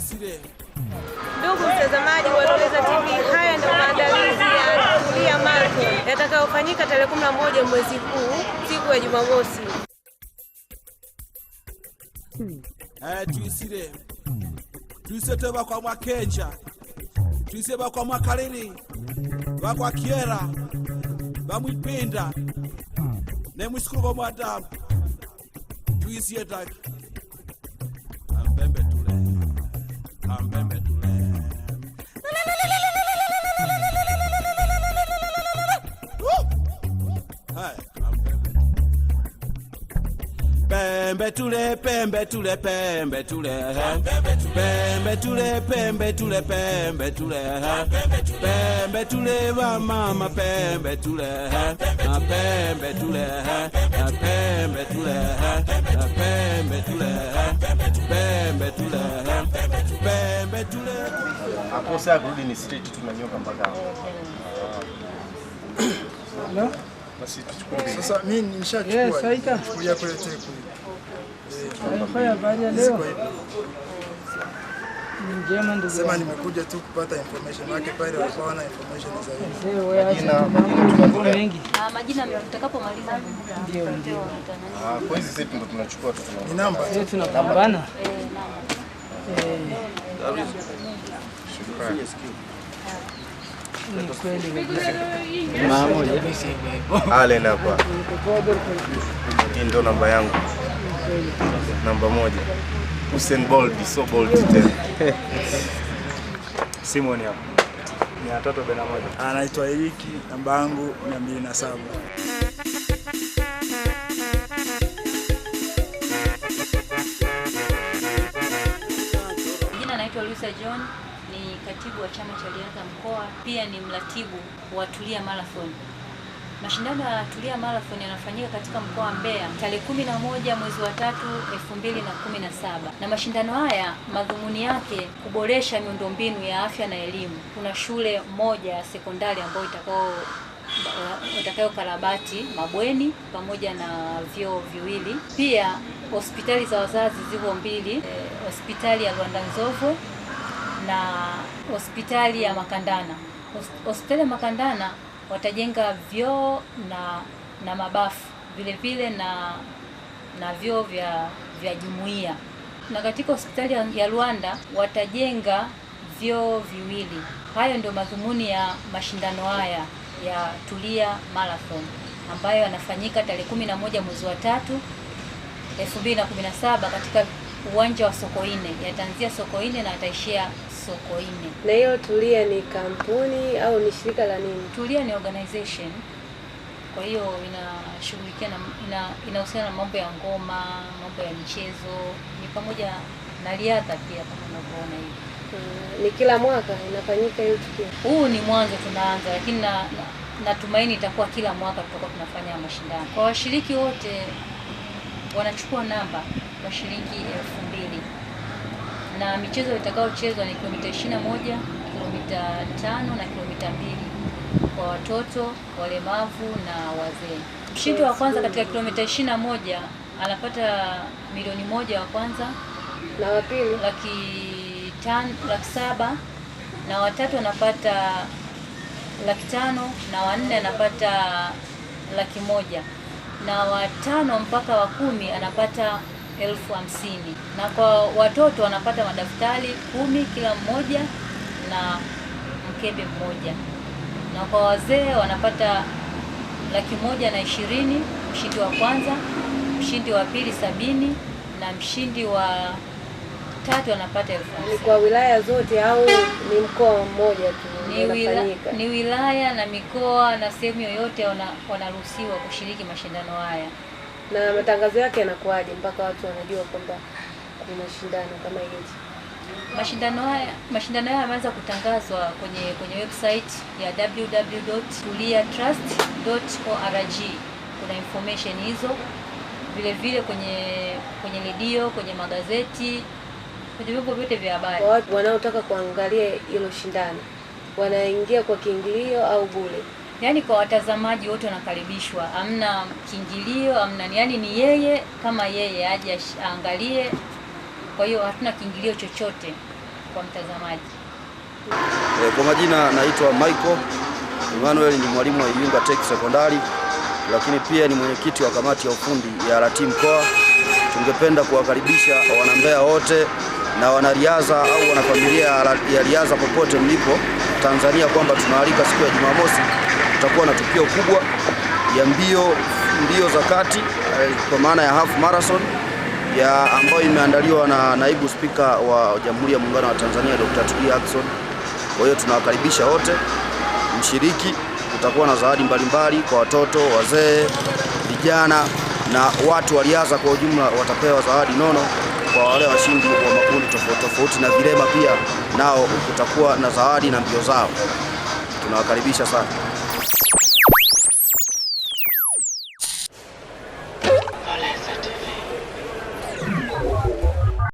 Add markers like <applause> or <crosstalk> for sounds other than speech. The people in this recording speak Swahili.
Misire. Ndugu mtazamaji wa Loleza TV, haya ndio maandalizi ya Tulia Marathon yatakayofanyika tarehe 11 mwezi huu siku ya Jumamosi. Haya tuisire tuise vakwa mwakenja tuise vakwa mwakalili vakwa kyera vamwipinda nemwisikuko mwadamu tuisiye taki ampembe pembe tule pembe tule pembe tule pembe tule pembe tule pembe tule pembe tule va pembe tule pembe pembe tule Kwa kurudi ni na nyoka mpaka hapo. Na basi tuchukue. Sasa mimi nimeshachukua. Yes, saika. Kuja kuletea kule. Haya habari leo. Sema nimekuja tu kupata information yake pale walikuwa wana information zaidi. wewe ah, ndio ndio. Ah, kwa hizi zetu ndo tunachukua tu Ni namba. tunapambana. Eh. eh. Allen hapa. Hii ndo namba yangu namba moja. Usain Bolt, so bold tena. <laughs> Simon hapa. Mia tatu arobaini na moja. Anaitwa Eriki, namba yangu mia mbili na saba. Jina naitwa Luisa John ni katibu wa chama cha riadha mkoa, pia ni mratibu wa Tulia Marathon. Mashindano ya Tulia Marathon yanafanyika katika mkoa wa Mbeya tarehe moja mwezi wa tatu mbili na mashindano haya madhumuni yake kuboresha miundombinu ya afya na elimu. Kuna shule moja ya sekondari ambayo itakao watakayokarabati mabweni pamoja na vyoo viwili. Pia hospitali za wazazi zipo mbili, eh, hospitali e, ya Rwanda nzovo na hospitali ya Makandana. Hospitali ya Makandana watajenga vyoo na na mabafu vile vile na na vyoo vya vya jumuiya, na katika hospitali ya Rwanda watajenga vyoo viwili. Hayo ndio madhumuni ya mashindano haya ya Tulia Marathon ambayo yanafanyika tarehe 11 mwezi wa tatu 2017 katika uwanja wa Sokoine, yataanzia Sokoine na soko Sokoine. Na hiyo Tulia ni kampuni au ni shirika la nini? Tulia ni organization, kwa hiyo inashughulikia na ina, inahusiana na mambo ya ngoma, mambo ya michezo, ni pamoja na riadha pia, kama unavyoona hivi. Hmm, ni kila mwaka inafanyika hiyo tukio? Huu ni mwanzo tunaanza, lakini na, na natumaini itakuwa kila mwaka tutakuwa tunafanya mashindano. Kwa washiriki wote wanachukua namba wa shilingi elfu mbili na michezo itakayochezwa ni kilomita 21, kilomita 5 na kilomita mbili kwa watoto, walemavu na wazee. Mshindi wa kwanza katika kilomita 21 anapata milioni moja wa kwanza na wa pili laki tano, laki saba na watatu anapata laki tano na wanne anapata laki moja na watano mpaka wa kumi anapata elfu hamsini na kwa watoto wanapata madaftari kumi kila mmoja na mkebe mmoja, na kwa wazee wanapata laki moja na ishirini mshindi wa kwanza, mshindi wa pili sabini na mshindi wa tatu anapata elfu hamsini. Ni kwa wilaya zote au ni mkoa mmoja tu? Ni, wila, ni wilaya na mikoa na sehemu yoyote wanaruhusiwa kushiriki mashindano haya na matangazo yake yanakuwaje mpaka watu wanajua kwamba kuna shindano kama hiyo? Mashindano haya mashindano haya yameanza kutangazwa kwenye kwenye website ya www.tuliatrust.org. Kuna information hizo vile vile kwenye kwenye redio, kwenye magazeti, kwenye vyombo vyote vya habari. wanaotaka kuangalia hilo shindano wanaingia kwa kiingilio au bure? yani kwa watazamaji wote wanakaribishwa, hamna kiingilio, hamna yani, ni yeye kama yeye aje aangalie. Kwa hiyo hatuna kiingilio chochote kwa mtazamaji. E, kwa majina naitwa Michael Emmanuel, ni mwalimu wa Igunga Tech Sekondari, lakini pia ni mwenyekiti wa kamati ya ufundi ya RT mkoa. Tungependa kuwakaribisha wanambea wote na wanariadha au wanafamilia ya riadha popote mlipo Tanzania kwamba tunaalika siku ya Jumamosi tutakuwa na tukio kubwa ya mbio, mbio za kati eh, kwa maana ya half marathon ya ambayo imeandaliwa na naibu spika wa Jamhuri ya Muungano wa Tanzania Dr. Tulia Ackson. Kwa hiyo tunawakaribisha wote mshiriki. Kutakuwa na zawadi mbalimbali kwa watoto, wazee, vijana na watu waliaza kwa ujumla watapewa zawadi nono. Kwa wale washindi wa makundi tofauti tofauti na vilema pia nao kutakuwa na zawadi na mbio zao. Tunawakaribisha sana.